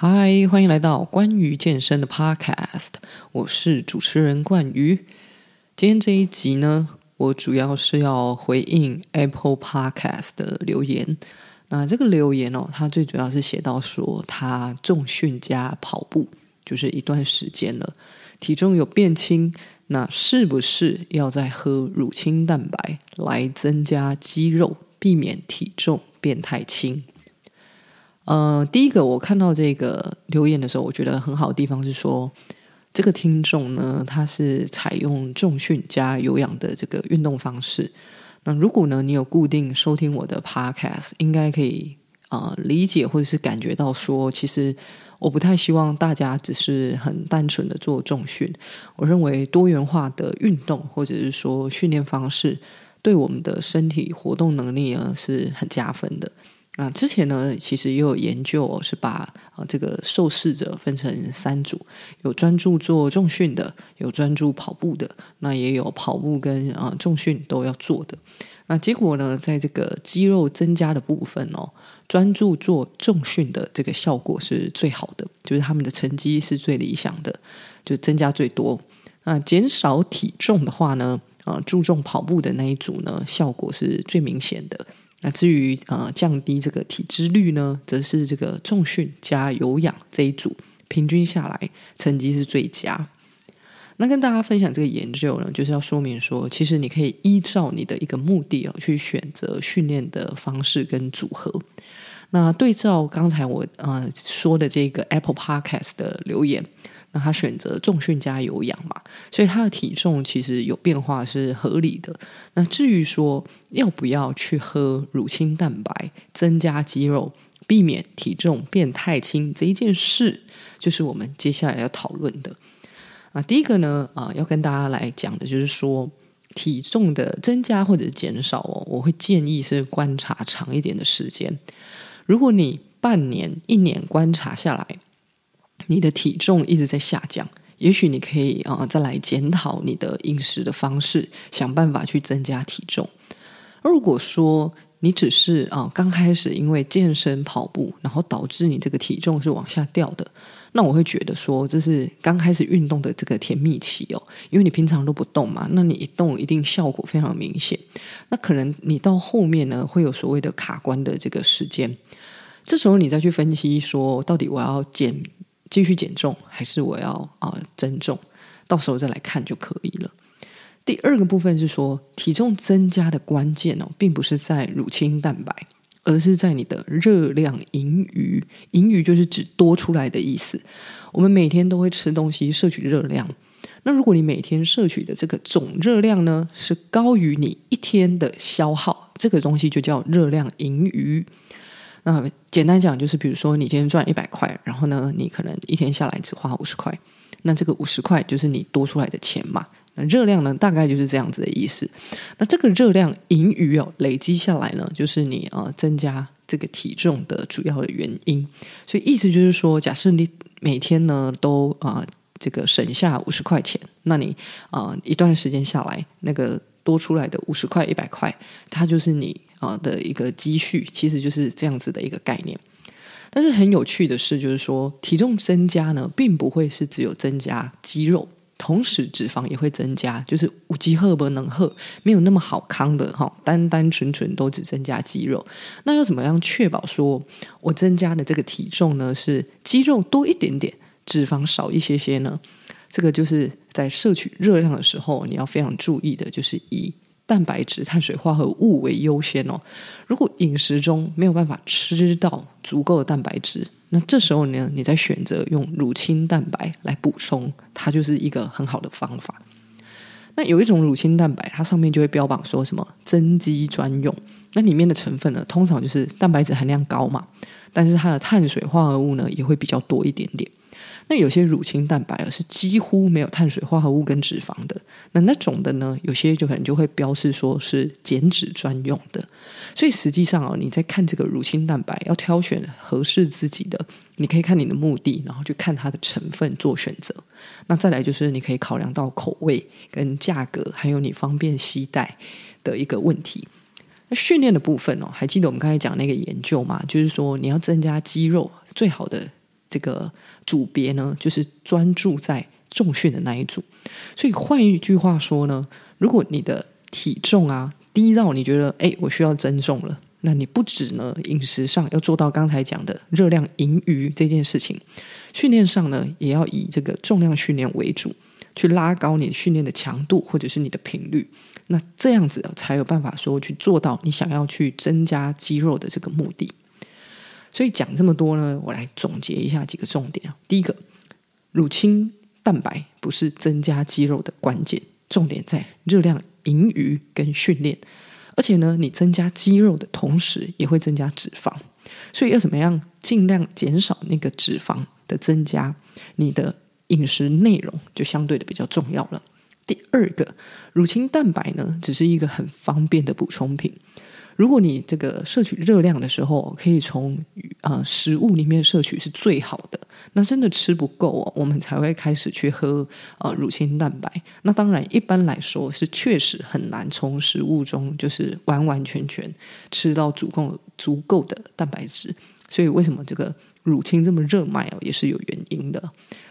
嗨，Hi, 歡迎來到關於健身的 Podcast，我是主持人冠瑜。今天這一集呢，我主要是要回應 Apple Podcast 的留言。那這個留言哦，他最主要是寫到說，他重訓加跑步就是一段時間了，體重有變輕，那是不是要再喝乳清蛋白來增加肌肉，避免體重變太輕？呃，第一個我看到這個留言的時候，我覺得很好的地方是說，這個聽眾呢，他是採用重訓加有氧的這個運動方式。那如果呢，你有固定收聽我的 Podcast，應該可以啊、呃、理解或者是感覺到說，其實我不太希望大家只是很單純的做重訓。我認為多元化的運動或者是說訓練方式，對我們的身體活動能力呢是很加分的。啊，之前呢，其實也有研究、哦、是把啊、呃、這個受試者分成三組，有專注做重訓的，有專注跑步的，那也有跑步跟啊、呃、重訓都要做的。那結果呢，在這個肌肉增加的部分哦，專注做重訓的這個效果是最好的，就是他們的成績是最理想的，就增加最多。那減少體重的話呢，啊、呃、注重跑步的那一組呢，效果是最明顯的。那至於呃降低這個體脂率呢，則是這個重訓加有氧這一組平均下來成績是最佳。那跟大家分享這個研究呢，就是要說明說，其實你可以依照你的一個目的哦，去選擇訓練的方式跟組合。那對照剛才我呃說的這個 Apple Podcast 的留言。他選擇重訓加有氧嘛，所以他的體重其實有變化是合理的。那至於說要不要去喝乳清蛋白增加肌肉，避免體重變太輕這一件事，就是我們接下來要討論的。啊，第一個呢，啊、呃，要跟大家來講的就是說體重的增加或者減少哦，我會建議是觀察長一點的時間。如果你半年、一年觀察下來，你的體重一直在下降，也許你可以啊、呃、再來檢討你的飲食的方式，想辦法去增加體重。而如果說你只是啊、呃、剛開始因為健身跑步，然後導致你這個體重是往下掉的，那我會覺得說這是剛開始運動的這個甜蜜期哦，因為你平常都不動嘛，那你一動一定效果非常明顯。那可能你到後面呢，會有所謂的卡關的這個時間，這時候你再去分析說到底我要減，繼續減重還是我要啊增、呃、重？到時候再來看就可以了。第二個部分是說，體重增加的關鍵哦，並不是在乳清蛋白，而是在你的熱量盈餘。盈餘就是指多出來的意思。我們每天都會吃東西，攝取熱量。那如果你每天攝取的這個總熱量呢，是高於你一天的消耗，這個東西就叫熱量盈餘。那簡單講就是，比如說你今天賺一百塊，然後呢，你可能一天下來只花五十塊，那這個五十塊就是你多出來的錢嘛。那熱量呢，大概就是這樣子的意思。那這個熱量盈餘哦，累積下來呢，就是你呃增加這個體重的主要的原因。所以意思就是說，假設你每天呢都啊、呃、這個省下五十塊錢，那你啊、呃、一段時間下來那個。多出來的五十塊一百塊，它就是你啊的一個積蓄，其實就是這樣子的一個概念。但是很有趣的是，就是說體重增加呢，並不會是只有增加肌肉，同時脂肪也會增加。就是無斤喝不能，能喝沒有那麼好康的哈，單單純純都只增加肌肉，那又怎麼樣確保說我增加的這個體重呢，是肌肉多一點點，脂肪少一些些呢？這個就是在攝取熱量的時候，你要非常注意的，就是以蛋白質、碳水化合物為優先哦。如果飲食中沒有辦法吃到足夠的蛋白質，那這時候呢，你再選擇用乳清蛋白來補充，它就是一個很好的方法。那有一種乳清蛋白，它上面就會標榜說什麼增肌專用，那裡面的成分呢，通常就是蛋白質含量高嘛，但是它的碳水化合物呢，也會比較多一點點。那有些乳清蛋白啊，是幾乎沒有碳水化合物跟脂肪的，那那種的呢，有些就可能就會標示說是減脂專用的。所以實際上啊，你在看這個乳清蛋白要挑選合適自己的，你可以看你的目的，然後就看它的成分做選擇。那再來就是你可以考量到口味跟價格，還有你方便攜帶的一個問題。那訓練的部分哦，還記得我們剛才講那個研究嗎？就是說你要增加肌肉，最好的。這個組別呢，就是專注在重訓的那一組。所以換一句話說呢，如果你的體重啊低到你覺得哎，我需要增重了，那你不止呢飲食上要做到剛才講的熱量盈餘這件事情，訓練上呢也要以這個重量訓練為主，去拉高你訓練的強度或者是你的頻率，那這樣子才有辦法說去做到你想要去增加肌肉的這個目的。所以講這麼多呢，我來總結一下幾個重點。第一個，乳清蛋白不是增加肌肉的關鍵，重點在熱量盈餘跟訓練。而且呢，你增加肌肉的同時也會增加脂肪，所以要怎麼樣儘量減少那個脂肪的增加？你的飲食內容就相對的比較重要了。第二個，乳清蛋白呢，只是一個很方便的補充品。如果你這個攝取熱量的時候，可以從呃食物裡面攝取是最好的。那真的吃不夠哦，我們才會開始去喝呃乳清蛋白。那當然一般來說是確實很難從食物中就是完完全全吃到足夠足夠的蛋白質。所以為什麼這個乳清這麼熱賣哦、啊，也是有原因的。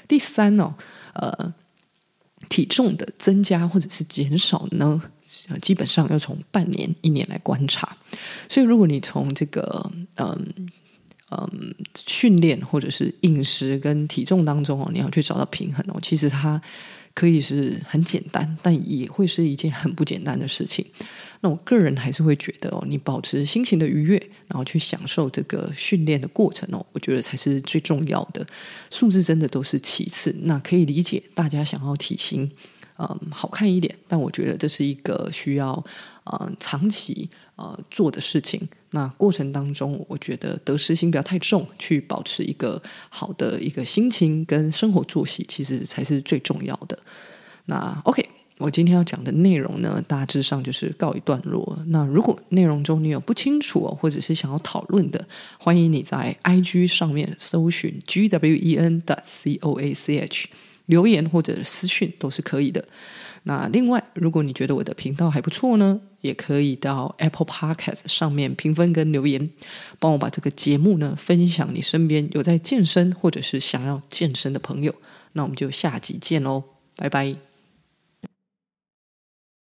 第三呢、哦，呃。體重的增加或者是減少呢，基本上要從半年、一年來觀察。所以，如果你從這個嗯嗯訓練或者是飲食跟體重當中哦，你要去找到平衡哦，其實它。可以是很簡單，但也會是一件很不簡單的事情。那我個人還是會覺得哦，你保持心情的愉悅，然後去享受這個訓練的過程哦，我覺得才是最重要的。數字真的都是其次。那可以理解大家想要體型嗯好看一點，但我覺得這是一個需要、嗯、長期、嗯、做的事情。那過程當中，我覺得得失心不要太重，去保持一個好的一個心情跟生活作息，其實才是最重要的。那 OK，我今天要講的內容呢，大致上就是告一段落。那如果內容中你有不清楚、哦、或者是想要討論的，歡迎你在 IG 上面搜尋 G W E N dot C O A C H。留言或者私訊都是可以的。那另外，如果你覺得我的頻道還不錯呢，也可以到 Apple Podcast 上面評分跟留言，幫我把這個節目呢分享你身邊有在健身或者是想要健身的朋友。那我們就下集見囉，拜拜。